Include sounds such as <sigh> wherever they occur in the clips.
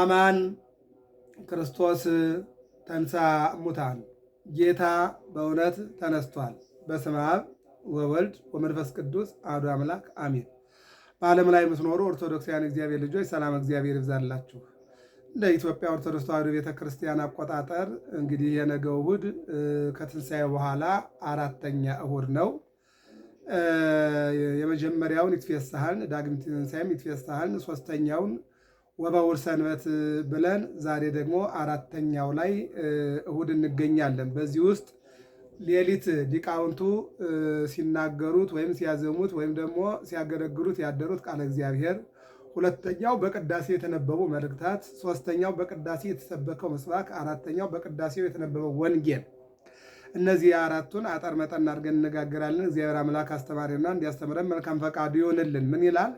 አማን ክርስቶስ ተንሳ ሙታን ጌታ በእውነት ተነስቷል። በስመ አብ ወወልድ ወመንፈስ ቅዱስ አሐዱ አምላክ አሜን። በዓለም ላይ የምትኖሩ ኦርቶዶክሳውያን እግዚአብሔር ልጆች ሰላም እግዚአብሔር ይብዛላችሁ። እንደ ኢትዮጵያ ኦርቶዶክስ ተዋሕዶ ቤተ ክርስቲያን አቆጣጠር እንግዲህ የነገው እሑድ ከትንሣኤ በኋላ አራተኛ እሑድ ነው። የመጀመሪያውን ኢትፌሳህን ዳግም ትንሣኤም ኢትፌሳህን ሶስተኛውን ወበውር ሰንበት ብለን ዛሬ ደግሞ አራተኛው ላይ እሁድ እንገኛለን። በዚህ ውስጥ ሌሊት ሊቃውንቱ ሲናገሩት ወይም ሲያዘሙት ወይም ደግሞ ሲያገለግሉት ያደሩት ቃለ እግዚአብሔር፣ ሁለተኛው በቅዳሴ የተነበቡ መልእክታት፣ ሶስተኛው በቅዳሴ የተሰበከው ምስባክ፣ አራተኛው በቅዳሴው የተነበበው ወንጌል እነዚህ አራቱን አጠር መጠን አድርገን እነጋገራለን። እግዚአብሔር አምላክ አስተማሪና እንዲያስተምረን መልካም ፈቃዱ ይሆንልን። ምን ይላል?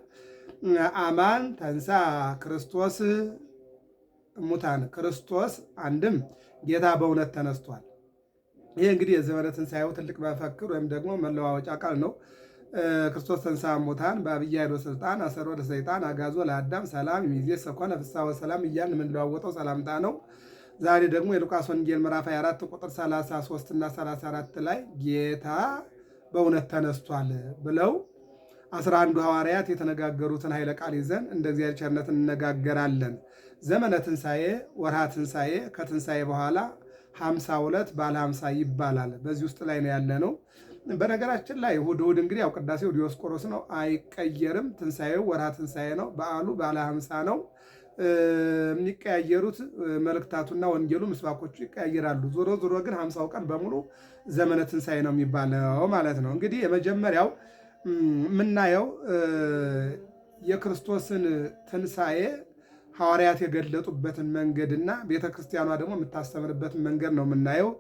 አማን ተንሳ ክርስቶስ ሙታን ክርስቶስ አንድም ጌታ በእውነት ተነስቷል። ይህ እንግዲህ የዘመነ ትንሣኤው ትልቅ መፈክር ወይም ደግሞ መለዋወጫ ቃል ነው። ክርስቶስ ተንሳ ሙታን በአብይ ኃይል ስልጣን አሰሮ ለሰይጣን አጋዞ ለአዳም ሰላም ሚዜ ሰኮነ ፍሳወ ሰላም እያን የምንለዋወጠው ሰላምታ ነው። ዛሬ ደግሞ የሉቃስ ወንጌል ምዕራፍ 24 ቁጥር 33 እና 34 ላይ ጌታ በእውነት ተነስቷል ብለው አስራ አንዱ ሐዋርያት የተነጋገሩትን ኃይለ ቃል ይዘን እንደ እግዚአብሔር ቸርነት እንነጋገራለን። ዘመነ ትንሣኤ፣ ወርሃ ትንሣኤ፣ ከትንሣኤ በኋላ ሀምሳ ሁለት ባለ ሀምሳ ይባላል። በዚህ ውስጥ ላይ ነው ያለ ነው። በነገራችን ላይ እሑድ እሑድ እንግዲህ ያው ቅዳሴው ዲዮስቆሮስ ነው፣ አይቀየርም። ትንሣኤው ወርሃ ትንሣኤ ነው። በዓሉ ባለ ሀምሳ ነው። የሚቀያየሩት መልእክታቱና ወንጌሉ ምስባኮቹ ይቀያየራሉ። ዞሮ ዞሮ ግን ሀምሳው ቀን በሙሉ ዘመነ ትንሣኤ ነው የሚባለው ማለት ነው። እንግዲህ የመጀመሪያው የምናየው የክርስቶስን ትንሣኤ ሐዋርያት የገለጡበትን መንገድና ቤተ ክርስቲያኗ ደግሞ የምታስተምርበትን መንገድ ነው የምናየው።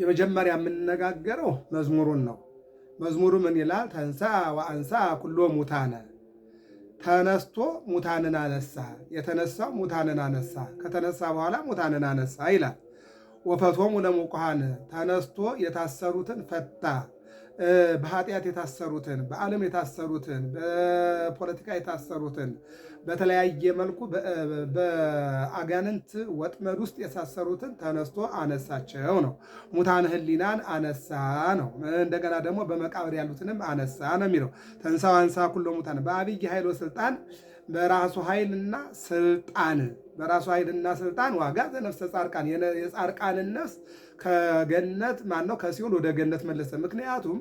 የመጀመሪያ የምንነጋገረው መዝሙሩን ነው። መዝሙሩ ምን ይላል? ተንሳ ወአንሳ ኩሎ ሙታነ፣ ተነስቶ ሙታንን አነሳ፣ የተነሳው ሙታንን አነሳ፣ ከተነሳ በኋላ ሙታንን አነሳ ይላል። ወፈቶሙ ለሙቁሃነ፣ ተነስቶ የታሰሩትን ፈታ በኃጢአት የታሰሩትን በዓለም የታሰሩትን በፖለቲካ የታሰሩትን በተለያየ መልኩ በአጋንንት ወጥመድ ውስጥ የሳሰሩትን ተነስቶ አነሳቸው ነው። ሙታን ህሊናን አነሳ ነው። እንደገና ደግሞ በመቃብር ያሉትንም አነሳ ነው የሚለው ተንሳ አንሳ ኩሎ ሙታን በአብይ ኃይሎ ስልጣን በራሱ ኃይልና ስልጣን በራሱ ኃይልና ስልጣን ዋጋ ዘነፍሰ ጻርቃን የጻርቃንን ነፍስ ከገነት ማን ነው ከሲኦል ወደ ገነት መለሰ። ምክንያቱም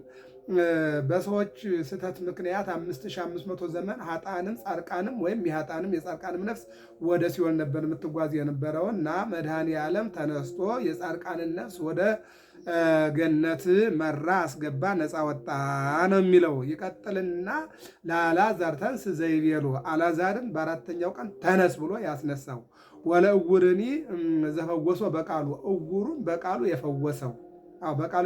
በሰዎች ስህተት ምክንያት 5500 ዘመን ሀጣንም ጻርቃንም ወይም የሀጣንም የጻርቃንም ነፍስ ወደ ሲኦል ነበር የምትጓዝ የነበረው እና መድኃኔ ዓለም ተነስቶ የጻርቃንን ነፍስ ወደ ገነት መራ፣ አስገባ፣ ነፃ ወጣ ነው የሚለው። ይቀጥልና ለአላዛር ተንስ ዘይቤሉ አላዛርን በአራተኛው ቀን ተነስ ብሎ ያስነሳው ወለእውርኒ ዘፈወሶ በቃሉ እውሩን በቃሉ የፈወሰው በቃሉ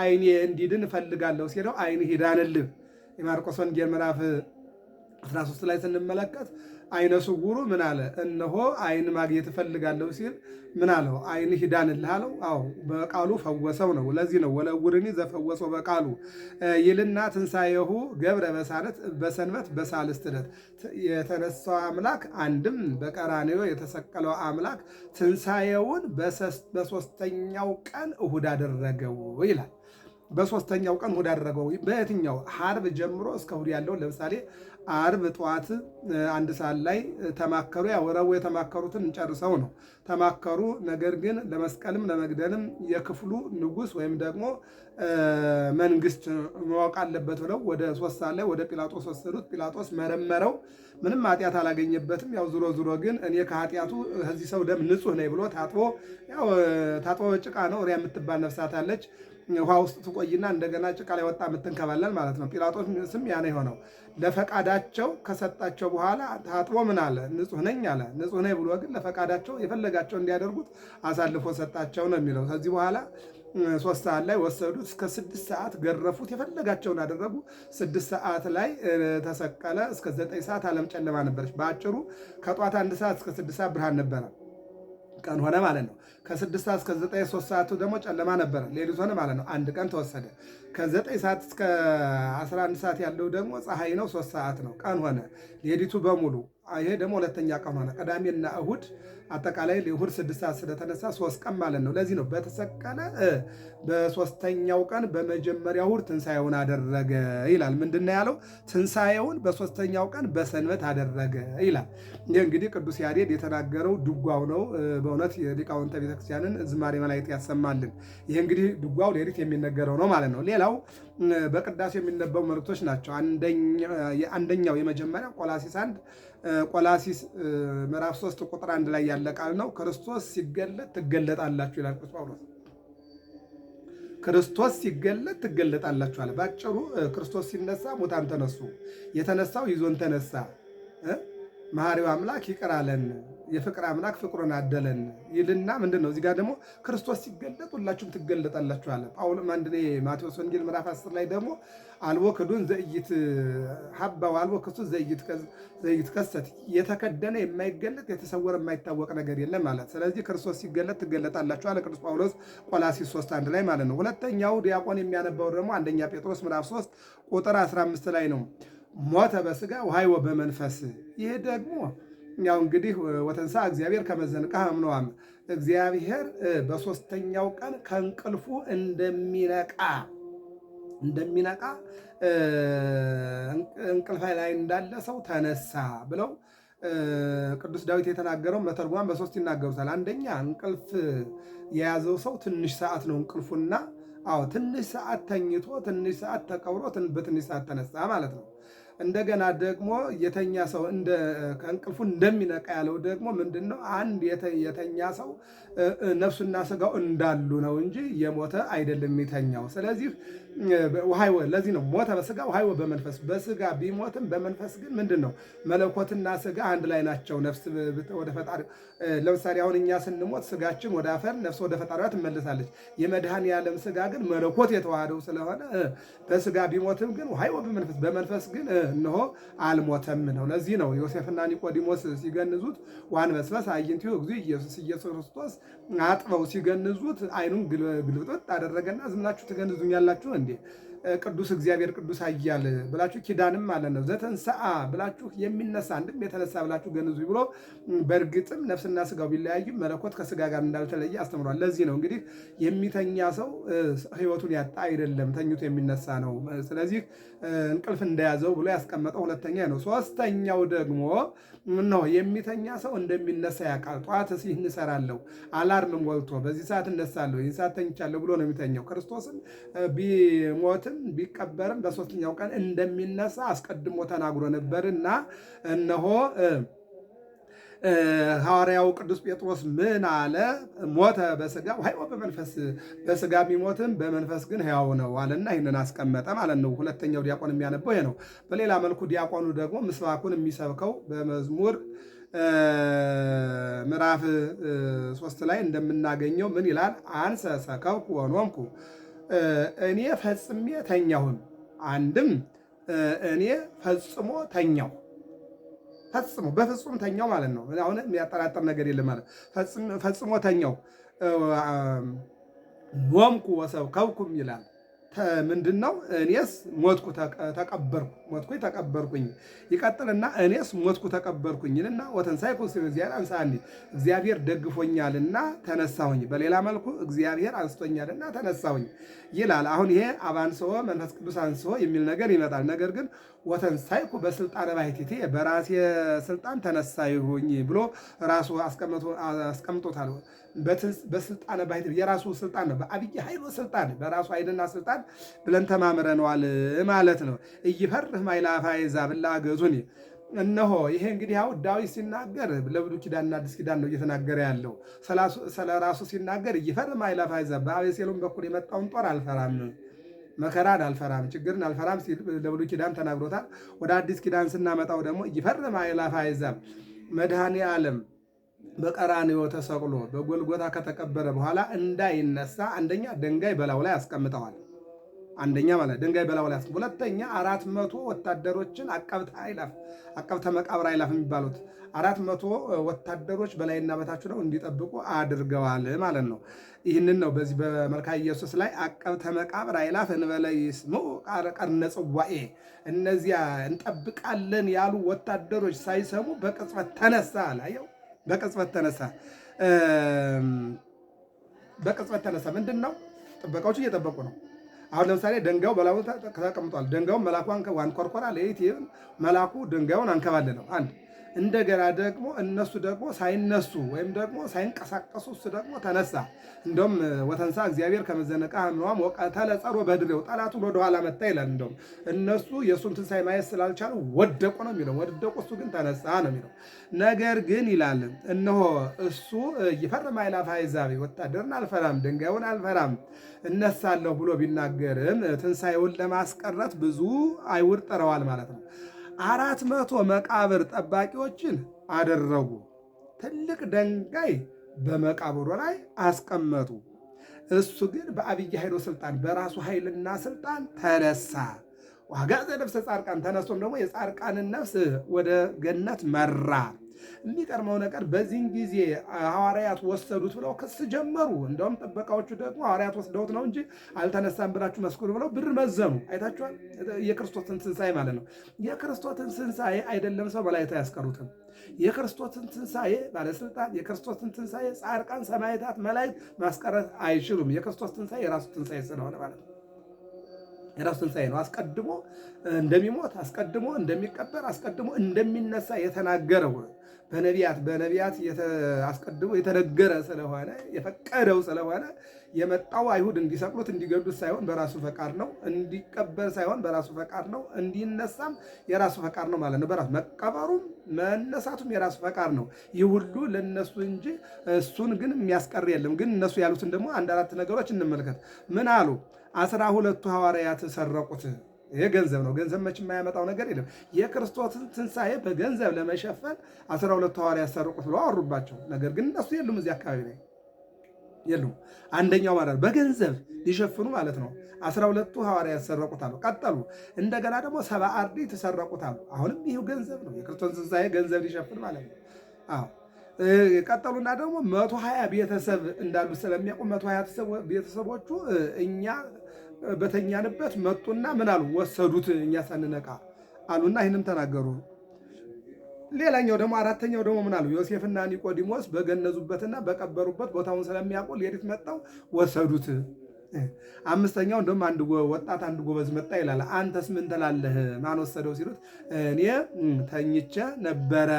አይኔ እንዲድን እፈልጋለሁ ሲለው አይን ሂዳንልህ የማርቆስ ወንጌል ምዕራፍ 13 ላይ ስንመለከት አይነ ስውሩ ምን አለ? እነሆ አይን ማግኘት እፈልጋለሁ ሲል ምን አለው? አይን ሂዳንልህ አለው። አዎ በቃሉ ፈወሰው ነው። ለዚህ ነው ወለውርኒ ዘፈወሰው በቃሉ ይልና ትንሣኤሁ ገብረ በሳነት በሰንበት በሳልስት ዕለት የተነሳው አምላክ አንድም በቀራንዮ የተሰቀለው አምላክ ትንሣኤውን በሶስተኛው ቀን እሁድ አደረገው ይላል። በሶስተኛው ቀን እሑድ አደረገው። በየትኛው ዓርብ ጀምሮ እስከ እሑድ ያለው ለምሳሌ ዓርብ ጠዋት አንድ ሰዓት ላይ ተማከሩ። ያው ረቡዕ የተማከሩትን እንጨርሰው ነው ተማከሩ። ነገር ግን ለመስቀልም ለመግደልም የክፍሉ ንጉሥ ወይም ደግሞ መንግስት ማወቅ አለበት ብለው ወደ ሶስት ሰዓት ላይ ወደ ጲላጦስ ወሰዱት። ጲላጦስ መረመረው፣ ምንም ኃጢአት አላገኘበትም። ያው ዞሮ ዞሮ ግን እኔ ከኃጢአቱ ከዚህ ሰው ደም ንጹህ ነኝ ብሎ ታጥቦ ያው ታጥቦ ጭቃ ነው ሪያ የምትባል ነፍሳት አለች ውሃ ውስጥ ትቆይና እንደገና ጭቃ ላይ ወጣ የምትንከባለል ማለት ነው። ጲላጦስም ያነ የሆነው ለፈቃዳቸው ከሰጣቸው በኋላ ታጥቦ ምን አለ? ንጹህ ነኝ አለ። ንጹህ ነኝ ብሎ ግን ለፈቃዳቸው የፈለጋቸው እንዲያደርጉት አሳልፎ ሰጣቸው ነው የሚለው። ከዚህ በኋላ ሶስት ሰዓት ላይ ወሰዱት። እስከ ስድስት ሰዓት ገረፉት። የፈለጋቸውን አደረጉ። ስድስት ሰዓት ላይ ተሰቀለ። እስከ ዘጠኝ ሰዓት ዓለም ጨለማ ነበረች። በአጭሩ ከጧት አንድ ሰዓት እስከ ስድስት ሰዓት ብርሃን ነበረ። ቀን ሆነ ማለት ነው። ከስድስት ሰዓት እስከ ዘጠኝ ሶስት ሰዓቱ ደግሞ ጨለማ ነበረ፣ ሌሊት ሆነ ማለት ነው። አንድ ቀን ተወሰደ። ከዘጠኝ ሰዓት እስከ 11 ሰዓት ያለው ደግሞ ፀሐይ ነው፣ ሶስት ሰዓት ነው፣ ቀን ሆነ ሌሊቱ በሙሉ። ይሄ ደግሞ ሁለተኛ ቀን ሆነ። ቅዳሜና እሁድ አጠቃላይ እሑድ ስድስት ሰዓት ስለተነሳ ሶስት ቀን ማለት ነው። ለዚህ ነው በተሰቀለ በሶስተኛው ቀን በመጀመሪያ እሑድ ትንሣኤውን አደረገ ይላል። ምንድን ነው ያለው? ትንሣኤውን በሶስተኛው ቀን በሰንበት አደረገ ይላል። ይህ እንግዲህ ቅዱስ ያሬድ የተናገረው ድጓው ነው። በእውነት ሊቃውንተ ቤተክርስቲያንን ዝማሬ መላእክት ያሰማልን። ይህ እንግዲህ ድጓው ሌሊት የሚነገረው ነው ማለት ነው። ሌላው በቅዳሴ የሚነበቡ መልእክቶች ናቸው። አንደኛው የመጀመሪያ ቆላሲስ አንድ ቆላሲስ ምዕራፍ ሶስት ቁጥር አንድ ላይ ያለ ቃል ነው። ክርስቶስ ሲገለጥ ትገለጣላችሁ ይላል ቅዱስ ጳውሎስ። ክርስቶስ ሲገለጥ ትገለጣላችሁ አለ። ባጭሩ ክርስቶስ ሲነሳ ሙታን ተነሱ። የተነሳው ይዞን ተነሳ። መሐሪው አምላክ ይቅር አለን። የፍቅር አምላክ ፍቅሩን አደለን ይልና ምንድን ነው እዚህ ጋር ደግሞ ክርስቶስ ሲገለጥ ሁላችሁም ትገለጣላችሁ አለ። ጳውሎም አንድ ማቴዎስ ወንጌል ምዕራፍ 10 ላይ ደግሞ አልቦ ክዱን ዘይት ሀባው አልቦ ክሱ ዘይት ከሰት የተከደነ የማይገለጥ የተሰወረ የማይታወቅ ነገር የለም ማለት። ስለዚህ ክርስቶስ ሲገለጥ ትገለጣላችሁ አለ ቅዱስ ጳውሎስ ቆላሲስ 3 አንድ ላይ ማለት ነው። ሁለተኛው ዲያቆን የሚያነባው ደግሞ አንደኛ ጴጥሮስ ምዕራፍ 3 ቁጥር 15 ላይ ነው። ሞተ በስጋ ውሃይወ በመንፈስ ይሄ ደግሞ ያው እንግዲህ ወተንሳ እግዚአብሔር ከመዘንቀ አምነዋም እግዚአብሔር በሶስተኛው ቀን ከእንቅልፉ እንደሚነቃ እንደሚነቃ እንቅልፍ ላይ እንዳለ ሰው ተነሳ ብለው ቅዱስ ዳዊት የተናገረው መተርጓም በሶስት ይናገሩታል። አንደኛ እንቅልፍ የያዘው ሰው ትንሽ ሰዓት ነው እንቅልፉና፣ አዎ ትንሽ ሰዓት ተኝቶ ትንሽ ሰዓት ተቀብሮ በትንሽ ሰዓት ተነሳ ማለት ነው። እንደገና ደግሞ የተኛ ሰው ከእንቅልፉ እንደሚነቃ ያለው ደግሞ ምንድን ነው? አንድ የተኛ ሰው ነፍሱና ስጋው እንዳሉ ነው እንጂ የሞተ አይደለም የተኛው። ስለዚህ ውሃይወ ለዚህ ነው ሞተ በስጋ ውሃይወ በመንፈስ በስጋ ቢሞትም በመንፈስ ግን ምንድን ነው መለኮትና ስጋ አንድ ላይ ናቸው። ነፍስ ወደ ፈጣሪ ለምሳሌ አሁን እኛ ስንሞት ስጋችን ወደ አፈር ነፍስ ወደ ፈጣሪዋ ትመልሳለች። የመድኃኔ ዓለም ስጋ ግን መለኮት የተዋህደው ስለሆነ በስጋ ቢሞትም ግን ውሃይወ በመንፈስ በመንፈስ ግን እነሆ አልሞተም ነው። ለዚህ ነው ዮሴፍና ኒቆዲሞስ ሲገንዙት ዋንበስበስ አዕይንቲሁ እግዚእ ኢየሱስ ኢየሱስ ክርስቶስ አጥበው ሲገንዙት አይኑን ግልብጦት አደረገና ዝም ትገንዙኛላችሁ 点。ቅዱስ እግዚአብሔር ቅዱስ አያል ብላችሁ ኪዳንም አለ ነው። ዘተንሰአ ብላችሁ የሚነሳ አንድም የተነሳ ብላችሁ ገንዙ ብሎ በእርግጥም ነፍስና ስጋው ቢለያይም መለኮት ከስጋ ጋር እንዳልተለየ አስተምሯል። ለዚህ ነው እንግዲህ የሚተኛ ሰው ህይወቱን ያጣ አይደለም፣ ተኝቶ የሚነሳ ነው። ስለዚህ እንቅልፍ እንደያዘው ብሎ ያስቀመጠው ሁለተኛ ነው። ሶስተኛው ደግሞ ነው የሚተኛ ሰው እንደሚነሳ ያውቃል። ጠዋት ሲህ እንሰራለሁ አላርም ሞልቶ በዚህ ሰዓት እነሳለሁ ይህን ሰዓት ተኝቻለሁ ብሎ ነው የሚተኛው ክርስቶስን ቢሞትም ቢሞትም ቢቀበርም በሶስተኛው ቀን እንደሚነሳ አስቀድሞ ተናግሮ ነበር እና እነሆ ሐዋርያው ቅዱስ ጴጥሮስ ምን አለ? ሞተ በስጋ ሕያው በመንፈስ በስጋ ቢሞትም በመንፈስ ግን ሕያው ነው አለና ይህንን አስቀመጠ ማለት ነው። ሁለተኛው ዲያቆን የሚያነበው ይሄ ነው። በሌላ መልኩ ዲያቆኑ ደግሞ ምስባኩን የሚሰብከው በመዝሙር ምዕራፍ ሶስት ላይ እንደምናገኘው ምን ይላል? አንሰ ሰከብኩ ወኖምኩ እኔ ፈጽሜ ተኛሁን። አንድም እኔ ፈጽሞ ተኛሁ፣ ፈጽሞ በፍጹም ተኛው ማለት ነው። አሁን የሚያጠራጥር ነገር የለም ማለት ፈጽሞ ተኛው። ሞምኩ ወሰብከብኩም ይላል። ምንድን ነው? እኔስ ሞትኩ ተቀበርኩ ሞትኩኝ ተቀበርኩኝ ይቀጥልና እኔስ ሞትኩ ተቀበርኩኝንና ወተንሳይኩ ስለ እግዚአብሔር አንሳኒ እግዚአብሔር ደግፎኛልና ተነሳሁኝ፣ በሌላ መልኩ እግዚአብሔር አንስቶኛልና ተነሳሁኝ ይላል። አሁን ይሄ አባንስሆ መንፈስ ቅዱስ አንስሆ የሚል ነገር ይመጣል። ነገር ግን ወተንሳይኩ በስልጣን ባሕቲቴ በራሴ ስልጣን ተነሳሁኝ ብሎ ራሱ አስቀምጦታል። በስልጣነ ባይት የራሱ ስልጣን ነው። በአብይ ኃይሉ ስልጣን በራሱ ኃይልና ስልጣን ብለን ተማምረነዋል ማለት ነው። እይፈርህ ወይም አይላፋ ብላ ገዙን እነሆ ይሄ እንግዲህ አሁን ዳዊት ሲናገር ለብሉይ ኪዳንና አዲስ ኪዳን ነው እየተናገረ ያለው። ስለ ራሱ ሲናገር እይፈርም ማይላፋ ይዛብ በአቤሴሎም በኩል የመጣውን ጦር አልፈራም፣ መከራን አልፈራም፣ ችግርን አልፈራም ሲል ለብሉይ ኪዳን ተናግሮታል። ወደ አዲስ ኪዳን ስናመጣው ደግሞ እይፈርም ማይላፋ ይዛብ መድኃኔ ዓለም በቀራንዮ ተሰቅሎ በጎልጎታ ከተቀበረ በኋላ እንዳይነሳ አንደኛ ደንጋይ በላዩ ላይ አስቀምጠዋል። አንደኛ ማለት ድንጋይ በላው ላይ አስቀምጦ፣ ሁለተኛ አራት መቶ ወታደሮችን አቀብተ አይላፍ አቀብተ መቃብር አይላፍ የሚባሉት አራት መቶ ወታደሮች በላይና በታች ነው እንዲጠብቁ አድርገዋል ማለት ነው። ይህንን ነው በዚህ በመልካ ኢየሱስ ላይ አቀብተ መቃብር አይላፍ እንበለ ይስሙ ቀርነ ጽዋኤ እነዚያ እንጠብቃለን ያሉ ወታደሮች ሳይሰሙ በቅጽበት ተነሳ አላየው በቅጽበት ተነሳ በቅጽበት ተነሳ ምንድን ነው ጥበቃዎቹ እየጠበቁ ነው አሁን ለምሳሌ ድንጋዩ በላዩ ተቀምጧል። ድንጋዩን መልአኩ አንኳርኳራ ለይት መላኩ ድንጋዩን አንከባለለው አንድ እንደገና ደግሞ እነሱ ደግሞ ሳይነሱ ወይም ደግሞ ሳይንቀሳቀሱ እሱ ደግሞ ተነሳ። እንደውም ወተንሳ እግዚአብሔር ከመዘነቀ ምኗም ወቀተለ ጸሮ በድሬው ጠላቱን ወደኋላ መታ ይላል። እንደውም እነሱ የእሱን ትንሣኤ ማየት ስላልቻሉ ወደቁ ነው የሚለው፣ ወደቁ እሱ ግን ተነሳ ነው የሚለው። ነገር ግን ይላል እነሆ እሱ ይፈርም አይላፍ አይዛቤ ወታደርን አልፈራም ድንጋዩን አልፈራም እነሳለሁ ብሎ ቢናገርም ትንሣኤውን ለማስቀረት ብዙ አይውር ጥረዋል ማለት ነው። አራት መቶ መቃብር ጠባቂዎችን አደረጉ። ትልቅ ደንጋይ በመቃብሩ ላይ አስቀመጡ። እሱ ግን በአብይ ኃይሎ ስልጣን በራሱ ኃይልና ስልጣን ተነሳ። ዋጋዘ ነፍሰ ጻድቃን ተነስቶም ደግሞ የጻድቃንን ነፍስ ወደ ገነት መራ። የሚቀርመው ነገር በዚህን ጊዜ ሐዋርያት ወሰዱት ብለው ክስ ጀመሩ። እንደውም ጥበቃዎቹ ደግሞ ሐዋርያት ወስደውት ነው እንጂ አልተነሳም ብላችሁ መስክሩ ብለው ብር መዘኑ። አይታችኋል። የክርስቶስን ትንሣኤ ማለት ነው። የክርስቶስን ትንሣኤ አይደለም ሰው በላይታ አያስቀሩትም። የክርስቶስን ትንሣኤ ባለስልጣን፣ የክርስቶስን ትንሣኤ ጻድቃን፣ ሰማዕታት፣ መላእክት ማስቀረት አይችሉም። የክርስቶስ ትንሣኤ የራሱ ትንሣኤ ስለሆነ ማለት ነው። የራሱ ትንሣኤ ነው። አስቀድሞ እንደሚሞት አስቀድሞ እንደሚቀበር አስቀድሞ እንደሚነሳ የተናገረው በነቢያት በነቢያት አስቀድሞ የተነገረ ስለሆነ የፈቀደው ስለሆነ የመጣው አይሁድ እንዲሰቅሉት እንዲገዱት ሳይሆን በራሱ ፈቃድ ነው። እንዲቀበር ሳይሆን በራሱ ፈቃድ ነው። እንዲነሳም የራሱ ፈቃድ ነው ማለት ነው። በራሱ መቀበሩም መነሳቱም የራሱ ፈቃድ ነው። ይህ ሁሉ ለነሱ እንጂ እሱን ግን የሚያስቀር የለም። ግን እነሱ ያሉትን ደግሞ አንድ አራት ነገሮች እንመልከት። ምን አሉ? አስራ ሁለቱ ሐዋርያት ሰረቁት። ይሄ ገንዘብ ነው። ገንዘብ መች የማያመጣው ነገር የለም። የክርስቶስን ትንሣኤ በገንዘብ ለመሸፈን አስራ ሁለቱ ሐዋርያት ሰረቁት ብለው አወሩባቸው። ነገር ግን እነሱ የሉም፣ እዚህ አካባቢ ላይ የሉም። አንደኛው ማለት በገንዘብ ሊሸፍኑ ማለት ነው። አስራ ሁለቱ ሐዋርያት ሰረቁት አሉ። ቀጠሉ። እንደገና ደግሞ ሰባ አርድእት ሰረቁት አሉ። አሁንም ይህ ገንዘብ ነው። የክርስቶስን ትንሣኤ ገንዘብ ሊሸፍን ማለት ነው። አዎ ቀጠሉና ደግሞ መቶ ሀያ ቤተሰብ እንዳሉ ስለሚያውቁ መቶ ሀያ ቤተሰቦቹ እኛ በተኛንበት መጡና ምን አሉ ወሰዱት፣ እኛ ሳንነቃ አሉና ይህንም ተናገሩ። ሌላኛው ደግሞ አራተኛው ደግሞ ምን አሉ ዮሴፍና ኒቆዲሞስ በገነዙበትና በቀበሩበት ቦታውን ስለሚያውቁ ሌሊት መጣው ወሰዱት። አምስተኛው እንደውም አንድ ወጣት አንድ ጎበዝ መጣ ይላል። አንተስ ምን ትላለህ? ማን ወሰደው ሲሉት እኔ ተኝቼ ነበረ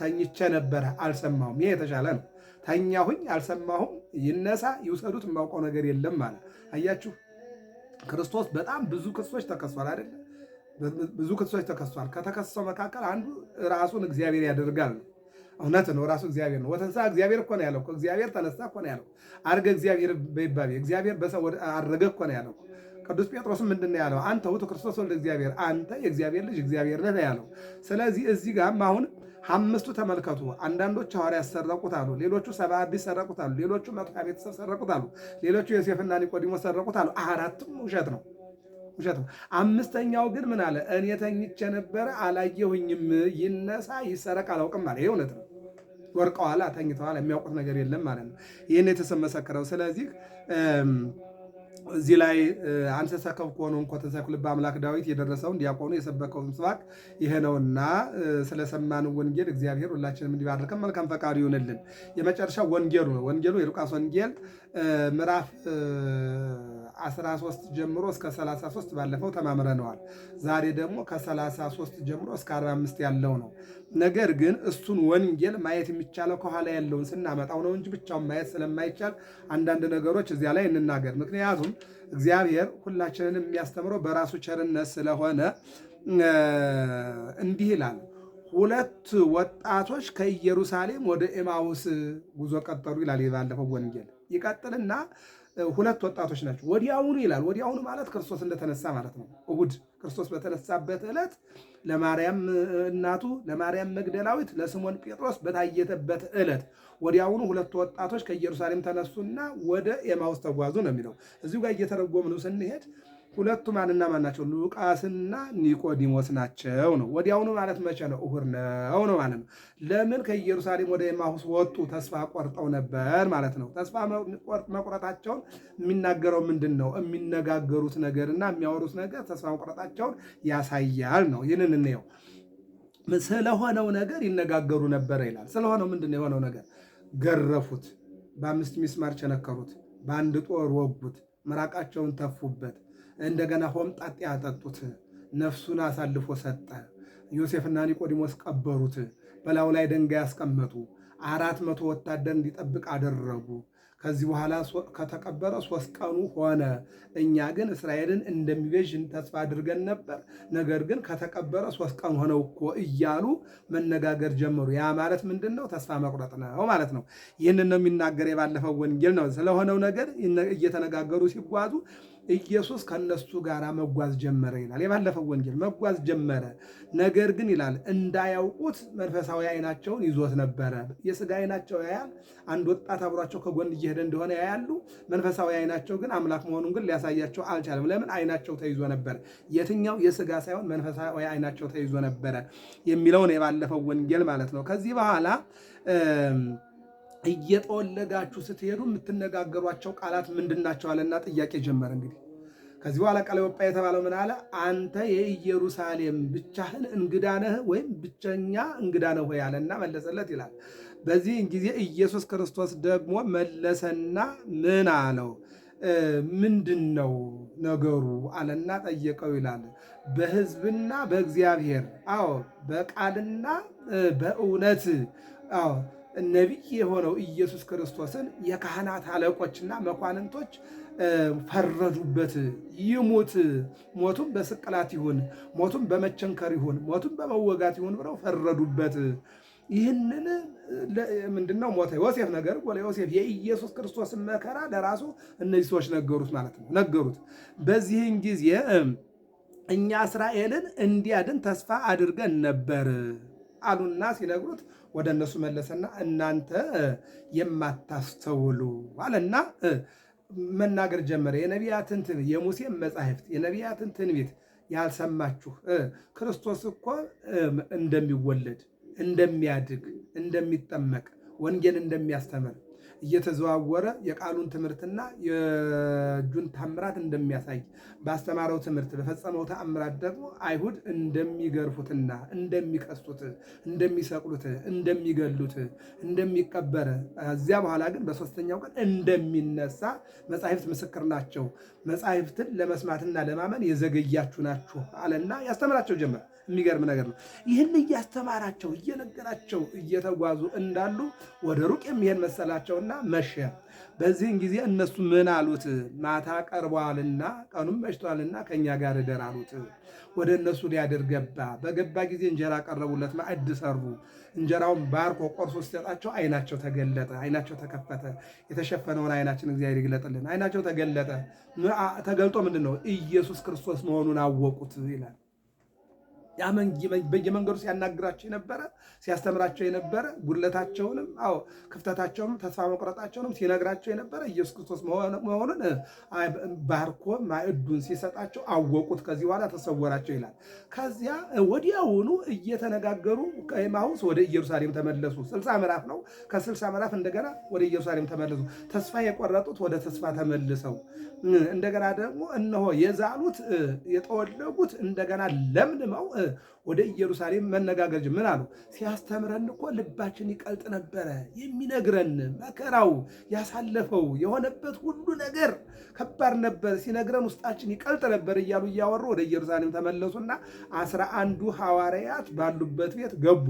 ተኝቼ ነበረ አልሰማሁም። ይሄ የተሻለ ነው። ተኛሁኝ አልሰማሁም። ይነሳ ይውሰዱት፣ የማውቀው ነገር የለም ማለት አያችሁ። ክርስቶስ በጣም ብዙ ክሶች ተከሷል አይደለ? ብዙ ክሶች ተከሷል። ከተከሰው መካከል አንዱ ራሱን እግዚአብሔር ያደርጋል ነው። እውነት ነው። ራሱ እግዚአብሔር ነው። ወተንሳ እግዚአብሔር እኮ ነው ያለው። እግዚአብሔር ተነሳ እኮ ነው ያለው። አርገ እግዚአብሔር በይባቢ እግዚአብሔር በሰው አረገ እኮ ነው ያለው። ቅዱስ ጴጥሮስም ምንድን ነው ያለው? አንተ ውእቱ ክርስቶስ ወልደ እግዚአብሔር፣ አንተ የእግዚአብሔር ልጅ እግዚአብሔር ነህ ያለው። ስለዚህ እዚህ ጋርም አሁን አምስቱ ተመልከቱ። አንዳንዶቹ ሐዋርያት ሰረቁት አሉ፣ ሌሎቹ ሰባ አዲስ ሰረቁት አሉ፣ ሌሎቹ መጥምቃ ቤተሰብ ሰረቁት አሉ፣ ሌሎቹ ዮሴፍና ኒቆዲሞስ ሰረቁት አሉ። አራቱም ውሸት ነው ውሸት ነው። አምስተኛው ግን ምን አለ? እኔ ተኝቼ ነበረ አላየሁኝም፣ ይነሳ ይሰረቅ አላውቅም አለ። ይህ እውነት ነው። ወርቀዋላ ተኝተዋል፣ የሚያውቁት ነገር የለም ማለት ነው። ይህን የተሰመሰክረው ስለዚህ እዚህ ላይ አንተ ሰከብ ከሆኑ እንኳ ተንሳይ ኩልበ አምላክ ዳዊት የደረሰውን ዲያቆኑ የሰበከውን ስብከት ይሄ ነውና ስለሰማን ወንጌል እግዚአብሔር ሁላችንም እንዲባርከን መልካም ፈቃዱ ይሁንልን። የመጨረሻ ወንጌሉ ነው። ወንጌሉ የሉቃስ ወንጌል ምዕራፍ 13 ጀምሮ እስከ 33 ባለፈው ተማምረነዋል። ዛሬ ደግሞ ከ33 ጀምሮ እስከ 45 ያለው ነው። ነገር ግን እሱን ወንጌል ማየት የሚቻለው ከኋላ ያለውን ስናመጣው ነው እንጂ ብቻውን ማየት ስለማይቻል አንዳንድ ነገሮች እዚያ ላይ እንናገር። ምክንያቱም እግዚአብሔር ሁላችንን የሚያስተምረው በራሱ ቸርነት ስለሆነ እንዲህ ይላል። ሁለት ወጣቶች ከኢየሩሳሌም ወደ ኤማውስ ጉዞ ቀጠሩ ይላል የባለፈው ወንጌል ይቀጥልና ሁለት ወጣቶች ናቸው። ወዲያውኑ ይላል። ወዲያውኑ ማለት ክርስቶስ እንደተነሳ ማለት ነው። እሁድ ክርስቶስ በተነሳበት ዕለት ለማርያም እናቱ ለማርያም መግደላዊት ለስሞን ጴጥሮስ በታየተበት ዕለት ወዲያውኑ ሁለቱ ወጣቶች ከኢየሩሳሌም ተነሱና ወደ ኤማውስ ተጓዙ ነው የሚለው። እዚሁ ጋር እየተረጎምን ስንሄድ ሁለቱ ማንና ማን ናቸው? ሉቃስና ኒቆዲሞስ ናቸው ነው። ወዲያውኑ ማለት መቼ ነው? እሁር ነው ነው ማለት ነው። ለምን ከኢየሩሳሌም ወደ ኤማሁስ ወጡ? ተስፋ ቆርጠው ነበር ማለት ነው። ተስፋ መቁረጣቸውን የሚናገረው ምንድን ነው? የሚነጋገሩት ነገርና የሚያወሩት ነገር ተስፋ መቁረጣቸውን ያሳያል ነው። ይህንን እንየው። ስለሆነው ነገር ይነጋገሩ ነበረ ይላል። ስለሆነው ምንድን ነው የሆነው ነገር? ገረፉት፣ በአምስት ሚስማር ቸነከሩት፣ በአንድ ጦር ወጉት፣ ምራቃቸውን ተፉበት እንደገና ሆምጣጤ ያጠጡት ነፍሱን አሳልፎ ሰጠ። ዮሴፍና ኒቆዲሞስ ቀበሩት፣ በላዩ ላይ ድንጋይ ያስቀመጡ አራት መቶ ወታደር እንዲጠብቅ አደረጉ። ከዚህ በኋላ ከተቀበረ ሶስት ቀኑ ሆነ። እኛ ግን እስራኤልን እንደሚቤዥ ተስፋ አድርገን ነበር፣ ነገር ግን ከተቀበረ ሶስት ቀን ሆነው እኮ እያሉ መነጋገር ጀመሩ። ያ ማለት ምንድን ነው? ተስፋ መቁረጥ ነው ማለት ነው። ይህንን ነው የሚናገር የባለፈው ወንጌል ነው። ስለሆነው ነገር እየተነጋገሩ ሲጓዙ ኢየሱስ ከነሱ ጋር መጓዝ ጀመረ ይላል። የባለፈው ወንጌል መጓዝ ጀመረ። ነገር ግን ይላል እንዳያውቁት መንፈሳዊ አይናቸውን ይዞት ነበረ። የስጋ አይናቸው ያያል። አንድ ወጣት አብሯቸው ከጎን እየሄደ እንደሆነ ያያሉ። መንፈሳዊ አይናቸው ግን አምላክ መሆኑን ግን ሊያሳያቸው አልቻለም። ለምን? አይናቸው ተይዞ ነበር። የትኛው የስጋ ሳይሆን መንፈሳዊ አይናቸው ተይዞ ነበረ የሚለውን የባለፈው ወንጌል ማለት ነው። ከዚህ በኋላ እየጠወለጋችሁ ስትሄዱ የምትነጋገሯቸው ቃላት ምንድን ናቸው አለና ጥያቄ ጀመረ። እንግዲህ ከዚህ በኋላ ቀለዮጳ የተባለው ምን አለ? አንተ የኢየሩሳሌም ብቻህን እንግዳ ነህ ወይም ብቸኛ እንግዳ ነህ ወይ አለና መለሰለት ይላል። በዚህ ጊዜ ኢየሱስ ክርስቶስ ደግሞ መለሰና ምን አለው? ምንድን ነው ነገሩ አለና ጠየቀው ይላል። በሕዝብና በእግዚአብሔር አዎ፣ በቃልና በእውነት አዎ ነቢይ የሆነው ኢየሱስ ክርስቶስን የካህናት አለቆችና መኳንንቶች ፈረዱበት። ይሙት፣ ሞቱም በስቅላት ይሁን፣ ሞቱም በመቸንከር ይሁን፣ ሞቱም በመወጋት ይሁን ብለው ፈረዱበት። ይህንን ምንድነው ሞተ ዮሴፍ ነገር ዮሴፍ የኢየሱስ ክርስቶስን መከራ ለራሱ እነዚህ ሰዎች ነገሩት ማለት ነው ነገሩት። በዚህን ጊዜ እኛ እስራኤልን እንዲያድን ተስፋ አድርገን ነበር። አሉና ሲነግሩት ወደ እነሱ መለሰና እናንተ የማታስተውሉ አለና መናገር ጀመረ። የነቢያትን ትንቢት የሙሴን መጻሕፍት የነቢያትን ትንቢት ያልሰማችሁ ክርስቶስ እኮ እንደሚወለድ እንደሚያድግ እንደሚጠመቅ ወንጌል እንደሚያስተምር እየተዘዋወረ የቃሉን ትምህርትና የእጁን ታምራት እንደሚያሳይ ባስተማረው ትምህርት በፈጸመው ተአምራት ደግሞ አይሁድ እንደሚገርፉትና እንደሚቀስቱት፣ እንደሚሰቅሉት፣ እንደሚገሉት፣ እንደሚቀበር እዚያ በኋላ ግን በሶስተኛው ቀን እንደሚነሳ መጻሕፍት ምስክር ናቸው። መጻሕፍትን ለመስማትና ለማመን የዘገያችሁ ናችሁ አለና ያስተምራቸው ጀመር። የሚገርም ነገር ነው። ይህን እያስተማራቸው እየነገራቸው እየተጓዙ እንዳሉ ወደ ሩቅ የሚሄድ መሰላቸውና መሸ። በዚህን ጊዜ እነሱ ምን አሉት? ማታ ቀርቧልና ቀኑም መሽቷልና ከእኛ ጋር እደር አሉት። ወደ እነሱ ሊያድር ገባ። በገባ ጊዜ እንጀራ ቀረቡለት፣ ማዕድ ሰሩ። እንጀራውን ባርኮ ቆርሶ ሲሰጣቸው አይናቸው ተገለጠ፣ አይናቸው ተከፈተ። የተሸፈነውን አይናችን እግዚአብሔር ይግለጥልን። አይናቸው ተገለጠ። ተገልጦ ምንድን ነው ኢየሱስ ክርስቶስ መሆኑን አወቁት ይላል። በየመንገዱ ሲያናግራቸው የነበረ ሲያስተምራቸው የነበረ ጉድለታቸውንም፣ አዎ ክፍተታቸውንም፣ ተስፋ መቁረጣቸውንም ሲነግራቸው የነበረ ኢየሱስ ክርስቶስ መሆኑን ባርኮ ማዕዱን ሲሰጣቸው አወቁት። ከዚህ በኋላ ተሰወራቸው ይላል። ከዚያ ወዲያውኑ እየተነጋገሩ ከኤማሁስ ወደ ኢየሩሳሌም ተመለሱ። ስልሳ ምዕራፍ ነው። ከስልሳ ምዕራፍ እንደገና ወደ ኢየሩሳሌም ተመለሱ። ተስፋ የቆረጡት ወደ ተስፋ ተመልሰው እንደገና ደግሞ እነሆ የዛሉት የጠወለጉት እንደገና ለምልመው ወደ ኢየሩሳሌም መነጋገር ምን አሉ? ሲያስተምረን እኮ ልባችን ይቀልጥ ነበረ። የሚነግረን መከራው ያሳለፈው የሆነበት ሁሉ ነገር ከባድ ነበር፣ ሲነግረን ውስጣችን ይቀልጥ ነበር እያሉ እያወሩ ወደ ኢየሩሳሌም ተመለሱና አስራ አንዱ ሐዋርያት ባሉበት ቤት ገቡ።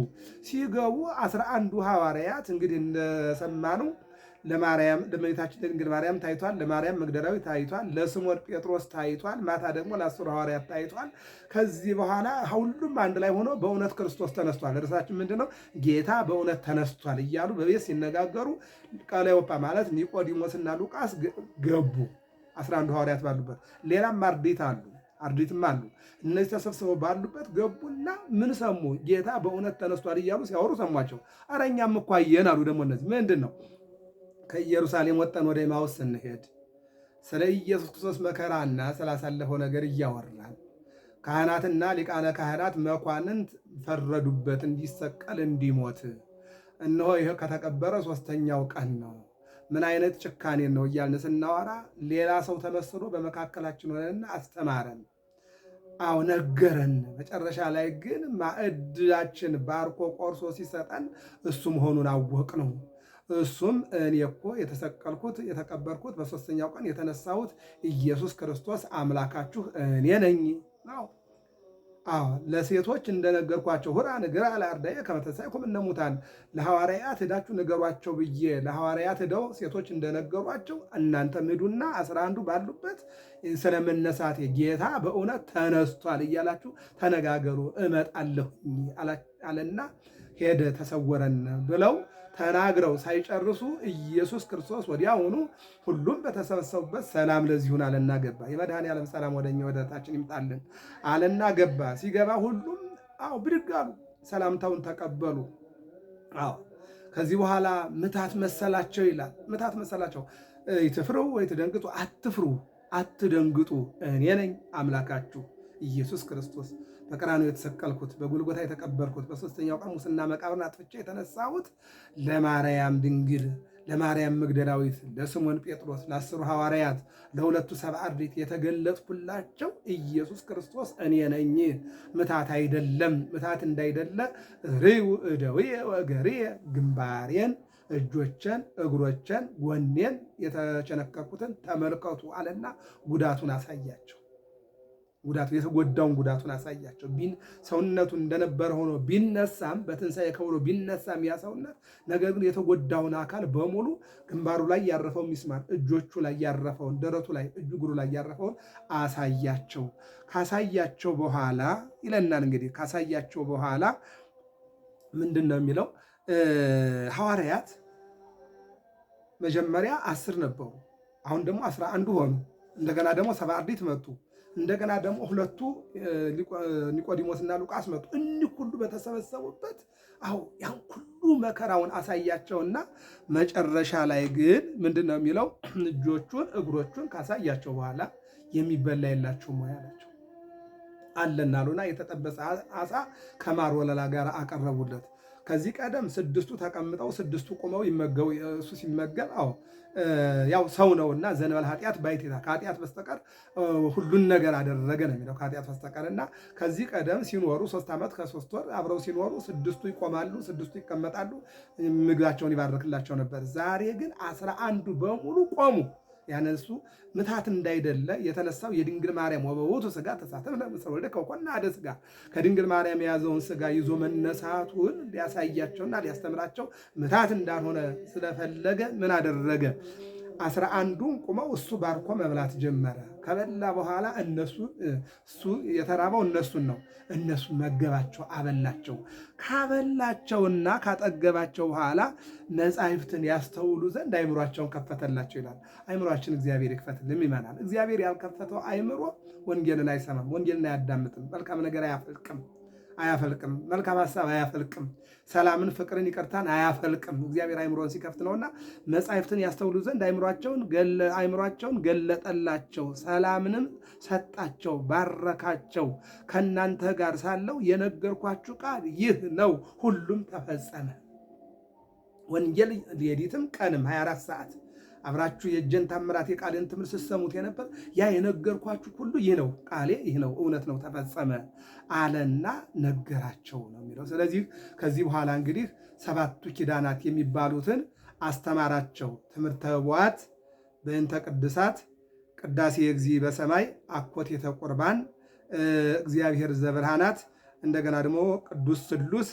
ሲገቡ አስራ አንዱ ሐዋርያት እንግዲህ እንደሰማነው ለማርያም ለእመቤታችን ለድንግል ማርያም ታይቷል። ለማርያም መግደላዊ ታይቷል። ለስሞን ጴጥሮስ ታይቷል። ማታ ደግሞ ለአስሩ ሐዋርያት ታይቷል። ከዚህ በኋላ ሁሉም አንድ ላይ ሆኖ በእውነት ክርስቶስ ተነስቷል፣ እርሳችን ምንድን ነው ጌታ በእውነት ተነስቷል እያሉ በቤት ሲነጋገሩ ቀለዮጳ ማለት ኒቆዲሞስና ሉቃስ ገቡ። አስራ አንዱ ሐዋርያት ባሉበት ሌላም አርዲት አሉ አርዲትም አሉ። እነዚህ ተሰብስበው ባሉበት ገቡና ምን ሰሙ? ጌታ በእውነት ተነስቷል እያሉ ሲያወሩ ሰሟቸው። አረ እኛም እኮ አየን አሉ። ደግሞ እነዚህ ምንድን ነው ከኢየሩሳሌም ወጠን ወደ ማውስ ስንሄድ ስለ ኢየሱስ ክርስቶስ መከራና ስላሳለፈው ነገር እያወራን ካህናትና ሊቃነ ካህናት መኳንንት ፈረዱበት እንዲሰቀል እንዲሞት። እነሆ ይህ ከተቀበረ ሦስተኛው ቀን ነው፣ ምን አይነት ጭካኔ ነው እያልን ስናወራ ሌላ ሰው ተመስሎ በመካከላችን ሆነና አስተማረን። አዎ ነገረን። መጨረሻ ላይ ግን ማዕድላችን ባርኮ ቆርሶ ሲሰጠን እሱ መሆኑን አወቅ ነው። እሱም እኔ እኮ የተሰቀልኩት የተቀበርኩት በሶስተኛው ቀን የተነሳሁት ኢየሱስ ክርስቶስ አምላካችሁ እኔ ነኝ ነው። አዎ ለሴቶች እንደነገርኳቸው ሁራ ንግር ለአርዳኤ ከመተሳይኩም እነሙታን ለሐዋርያት ሄዳችሁ ንገሯቸው ብዬ ለሐዋርያት ሄደው ሴቶች እንደነገሯቸው እናንተ ምዱና አስራ አንዱ ባሉበት ስለመነሳት ጌታ በእውነት ተነስቷል እያላችሁ ተነጋገሩ እመጣለሁ አለና ሄደ ተሰወረን ብለው ተናግረው ሳይጨርሱ ኢየሱስ ክርስቶስ ወዲያውኑ ሁሉም በተሰበሰቡበት ሰላም ለዚሁን አለና ገባ። የመድኃኔ ዓለም ሰላም ወደኛ ወደታችን ይምጣልን አለና ገባ። ሲገባ ሁሉም አዎ ብድግ አሉ፣ ሰላምታውን ተቀበሉ። አዎ ከዚህ በኋላ ምታት መሰላቸው ይላል። ምታት መሰላቸው ይትፍሩ ወይ ትደንግጡ፣ አትፍሩ፣ አትደንግጡ፣ እኔ ነኝ አምላካችሁ ኢየሱስ ክርስቶስ በቀራንዮ የተሰቀልኩት በጎልጎታ የተቀበርኩት በሶስተኛው ቀን ሙስና መቃብርን አጥፍቼ የተነሳሁት ለማርያም ድንግል ለማርያም መግደላዊት፣ ለስሞን ጴጥሮስ፣ ለአስሩ ሐዋርያት፣ ለሁለቱ ሰብዓ አርድእት የተገለጥኩላቸው ኢየሱስ ክርስቶስ እኔ ነኝ። ምታት አይደለም ምታት እንዳይደለ ርእዩ እደዌ ወእገርየ፣ ግንባሬን፣ እጆቼን፣ እግሮቼን፣ ጎኔን የተቸነከርኩትን ተመልከቱ አለና ጉዳቱን አሳያቸው። ጉዳቱ የተጎዳውን ጉዳቱን አሳያቸው። ሰውነቱ እንደነበረ ሆኖ ቢነሳም በትንሣኤ ከብሎ ቢነሳም ያ ሰውነት ነገር ግን የተጎዳውን አካል በሙሉ ግንባሩ ላይ ያረፈው ሚስማር፣ እጆቹ ላይ ያረፈውን፣ ደረቱ ላይ እጁ እግሩ ላይ ያረፈውን አሳያቸው። ካሳያቸው በኋላ ይለናል እንግዲህ ካሳያቸው በኋላ ምንድን ነው የሚለው ሐዋርያት መጀመሪያ አስር ነበሩ። አሁን ደግሞ አስራ አንዱ ሆኑ። እንደገና ደግሞ ሰባ አርድእት መጡ። እንደገና ደግሞ ሁለቱ ኒቆዲሞስና ሉቃስ መጡ። እኒህ ሁሉ በተሰበሰቡበት አሁ ያን ሁሉ መከራውን አሳያቸውና መጨረሻ ላይ ግን ምንድን ነው የሚለው? <clears throat> እጆቹን እግሮቹን ካሳያቸው በኋላ የሚበላ የላቸውም ወይ አላቸው። አለና ሉና የተጠበሰ አሳ ከማር ወለላ ጋር አቀረቡለት። ከዚህ ቀደም ስድስቱ ተቀምጠው ስድስቱ ቁመው ይመገቡ እሱ ሲመገብ አዎ ያው ሰው ነውና ዘንበል ኃጢአት ባይቴታ ከኃጢአት በስተቀር ሁሉን ነገር አደረገ ነው የሚለው ከኃጢአት በስተቀር እና ከዚህ ቀደም ሲኖሩ ሶስት ዓመት ከሶስት ወር አብረው ሲኖሩ ስድስቱ ይቆማሉ፣ ስድስቱ ይቀመጣሉ፣ ምግባቸውን ይባርክላቸው ነበር። ዛሬ ግን አስራ አንዱ በሙሉ ቆሙ። ያነሱ ምታት እንዳይደለ የተነሳው የድንግል ማርያም ወበቦቱ ስጋ ተሳተፍ ለምሰወልደ ከኮና አደ ስጋ ከድንግል ማርያም የያዘውን ስጋ ይዞ መነሳቱን ሊያሳያቸውና ሊያስተምራቸው ምታት እንዳልሆነ ስለፈለገ ምን አደረገ? አስራ አንዱን ቁመው እሱ ባርኮ መብላት ጀመረ። ከበላ በኋላ እነሱ እሱ የተራበው እነሱን ነው። እነሱ መገባቸው፣ አበላቸው። ካበላቸውና ካጠገባቸው በኋላ መጻሕፍትን ያስተውሉ ዘንድ አይምሯቸውን ከፈተላቸው ይላል። አይምሯችን እግዚአብሔር ይክፈትልም ይመናል። እግዚአብሔር ያልከፈተው አይምሮ ወንጌልን አይሰማም፣ ወንጌልን አያዳምጥም፣ መልካም ነገር አያፈልቅም። አያፈልቅም። መልካም ሀሳብ አያፈልቅም። ሰላምን፣ ፍቅርን፣ ይቅርታን አያፈልቅም። እግዚአብሔር አይምሮን ሲከፍት ነውና መጻሕፍትን ያስተውሉ ዘንድ አይምሯቸውን ገለጠላቸው፣ ሰላምንም ሰጣቸው፣ ባረካቸው። ከእናንተ ጋር ሳለው የነገርኳችሁ ቃል ይህ ነው፣ ሁሉም ተፈጸመ። ወንጌል ሌሊትም ቀንም 24 ሰዓት አብራችሁ የእጀን ታምራት የቃልን ትምህርት ስትሰሙት የነበር ያ የነገርኳችሁ ሁሉ ይህ ነው፣ ቃሌ ይህ ነው፣ እውነት ነው፣ ተፈጸመ አለና ነገራቸው ነው የሚለው። ስለዚህ ከዚህ በኋላ እንግዲህ ሰባቱ ኪዳናት የሚባሉትን አስተማራቸው። ትምህርተ ኅቡዓት በእንተ ቅድሳት፣ ቅዳሴ እግዚእ በሰማይ፣ አኮቴተ ቁርባን፣ እግዚአብሔር ዘብርሃናት፣ እንደገና ደግሞ ቅዱስ ስሉስ፣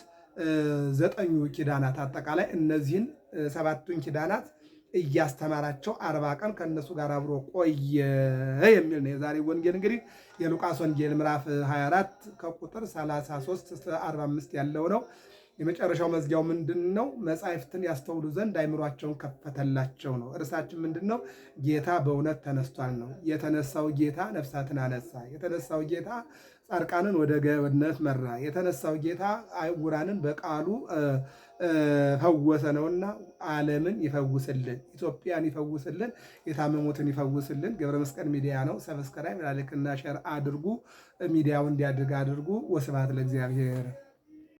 ዘጠኙ ኪዳናት አጠቃላይ እነዚህን ሰባቱን ኪዳናት እያስተማራቸው አርባ ቀን ከእነሱ ጋር አብሮ ቆየ የሚል ነው የዛሬ ወንጌል። እንግዲህ የሉቃስ ወንጌል ምዕራፍ 24 ከቁጥር 33 እስከ 45 ያለው ነው። የመጨረሻው መዝጊያው ምንድን ነው? መጻሕፍትን ያስተውሉ ዘንድ አይምሯቸውን ከፈተላቸው ነው። እርሳችን ምንድን ነው? ጌታ በእውነት ተነስቷል ነው። የተነሳው ጌታ ነፍሳትን አነሳ። የተነሳው ጌታ ጻድቃንን ወደ ገነት መራ። የተነሳው ጌታ ዕውራንን በቃሉ ፈወሰ ነውና ዓለምን ይፈውስልን፣ ኢትዮጵያን ይፈውስልን፣ የታመሙትን ይፈውስልን። ገብረ መስቀል ሚዲያ ነው። ሰብስክራይብ፣ ላይክና ሸር አድርጉ። ሚዲያው እንዲያድርግ አድርጉ። ወስብሐት ለእግዚአብሔር።